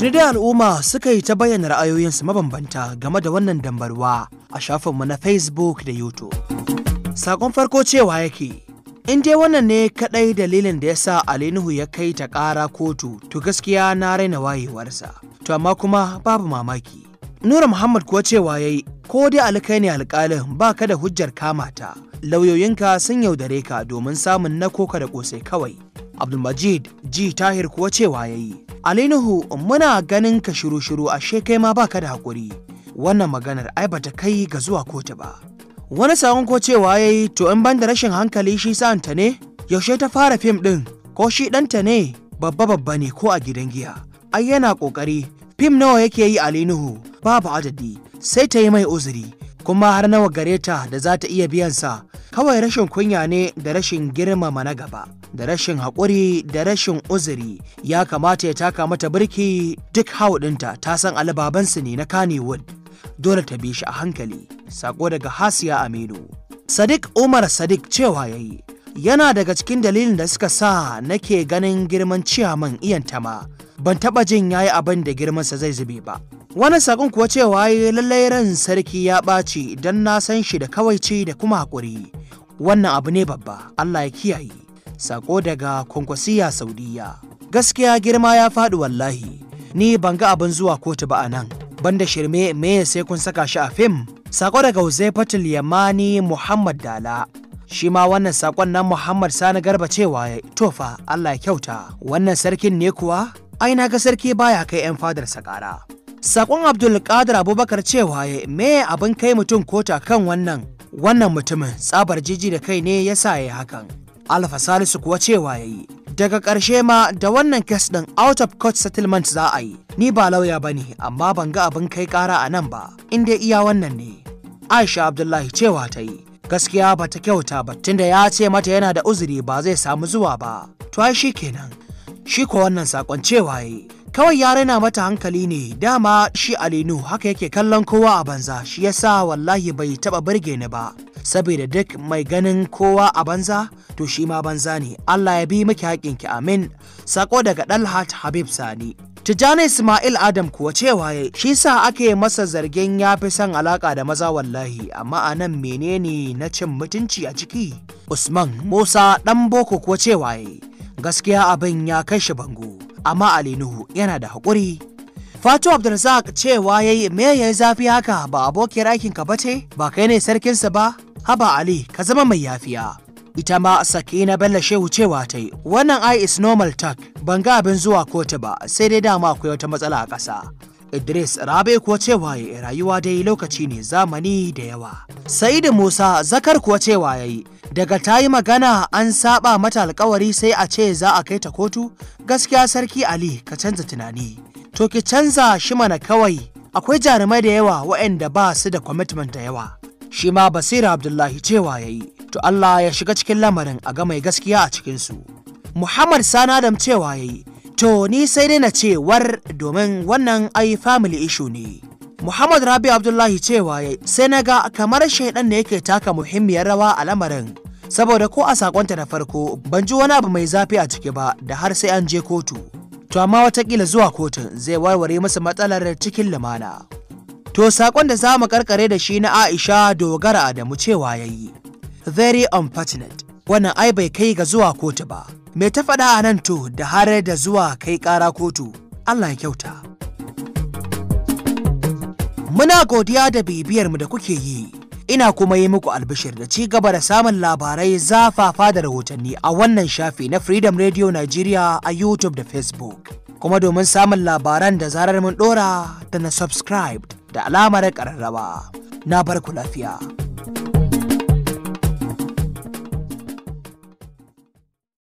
Tuni dai al'umma suka yi ta bayyana ra'ayoyinsu mabambanta game da wannan dambarwa a shafinmu na Facebook da YouTube. Sakon farko cewa yake, in dai wannan ne kaɗai dalilin da ya sa Alinuhu ya kai ta ƙara kotu, to gaskiya na raina wayewarsa. To amma kuma babu mamaki. Nura Muhammad kuwa cewa yayi ko dai alkai ne alƙalin ba ka da hujjar kamata. Lauyoyinka sun yaudare ka domin samun na koka da ƙosai kawai. abdulmajid ji tahir kuwa cewa ya yi alinuhu muna ganin ka shiru-shiru ashe kai ma baka da haƙuri wannan maganar ai ba ta kai ga zuwa kotu ba wani sakon ko cewa ya yi to in ban da rashin hankali shi sa'anta ne yaushe ta fara fim ɗin ko shi ɗanta ne babba babba ne ko a gidan giya ai yana ƙoƙari fim nawa yake yi alinuhu babu adadi sai ta yi mai uzuri kuma har nawa gare ta da za ta iya biyansa kawai rashin kunya ne da rashin girmama na gaba da rashin haƙuri da rashin uzuri ya kamata ya taka mata birki duk hauɗinta ta san alababansu ne na kanewood dole ta bi shi a hankali sako daga hasiya aminu sadiq umar sadiq cewa ya yi yana daga cikin dalilin da suka sa nake ganin girman ciyaman iyan tama ban taɓa jin ya yi abin da girmansa zai zube ba wani saƙon kuwa cewa lallai ran sarki ya ɓaci don na san shi da kawai ci da kuma haƙuri wannan abu ne babba allah ya kiyaye saƙo daga kwankwasiya saudiya gaskiya girma ya faɗi wallahi ni ban ga abin zuwa kotu ba a nan banda shirme me sai kun saka shi a fim Sako daga Huzaifatul Yamani Muhammad Dala shi ma wannan sakon na Muhammad Sani Garba cewa tofa Allah ya kyauta wannan sarkin ne kuwa ai na ga sarki baya kai 'yan fadarsa ƙara. Sakon Abdul Qadir Abubakar cewa ya me abin kai mutum kota kan wannan wannan mutumin tsabar jiji da kai ne ya sa ya yi hakan. Alfa Salisu kuwa cewa ya yi daga ƙarshe ma da wannan kes ɗin out of court settlement za a yi ni ba lauya ba ne amma ban ga abin kai ƙara a nan ba inda iya wannan ne. Aisha Abdullahi cewa ta yi gaskiya ba ta kyauta ba tunda ya ce mata yana da uzuri ba zai samu zuwa ba to ai kenan. shi ko wannan sakon cewa yi kawai ya raina mata hankali ne dama shi alinu haka yake kallon kowa a banza shi yasa wallahi bai taba burge ni ba saboda duk mai ganin kowa a banza to shi ma banza ne Allah ya bi miki haƙinki amin sako daga Dalhat Habib Sani Tijjani Ismail Adam kuwa cewa ya shi sa ake masa zargin ya fi son alaka da maza wallahi amma a nan menene na cin mutunci a ciki Usman Musa ɗan boko kuwa cewa ya gaskiya abin ya kai shi bango amma Ali Nuhu yana da haƙuri Fatu Abdulrazak cewa ya yi me ya zafi haka ba abokiyar aikinka ba ce ba kai ne sarkinsa ba haba Ali ka zama mai yafiya. Ita ma Sakina Bello Shehu cewa ta yi, wannan I is normal talk. ban ga abin zuwa kotu ba, sai dai dama akwai wata matsala a ƙasa. Idris Rabe kuwa cewa ya rayuwa dai lokaci ne zamani da yawa. Sa'idu Musa Zakar kuwa cewa ya yi, daga ta yi magana an saba mata alkawari sai a ce za a kai ta kotu, gaskiya Sarki Ali ka canza tunani. To ki canza shi mana kawai, akwai jarumai da yawa waɗanda ba su da commitment da yawa. shi ma basira abdullahi cewa ya yi to allah ya shiga cikin lamarin a ga mai gaskiya a cikinsu muhammad sanadam cewa ya yi to ni sai dai na ce war domin wannan ai family issue ne muhammad rabi abdullahi cewa ya sai na ga kamar shaidan da yake taka muhimmiyar rawa a lamarin saboda ko a sakonta na farko ban ji wani abu mai zafi a ciki ba da har sai an je kotu to amma watakila zuwa kotun zai warware masa matsalar cikin lumana To saƙon da za mu karkare da shi na Aisha dogara da mu cewa ya yi. Very unfortunate, wannan ai bai kai ga zuwa kotu ba. Me ta faɗa a nan to da har da zuwa kai ƙara kotu, Allah ya kyauta. Muna godiya da bibiyarmu da kuke yi, ina kuma yi muku albishir da ci gaba da samun labarai zafafa da rahotanni a wannan shafi na Freedom Radio Nigeria a YouTube da Facebook. Kuma domin samun labaran da zarar mun ɗora da na subscribed. da alamar ƙararraba, Na barku lafiya.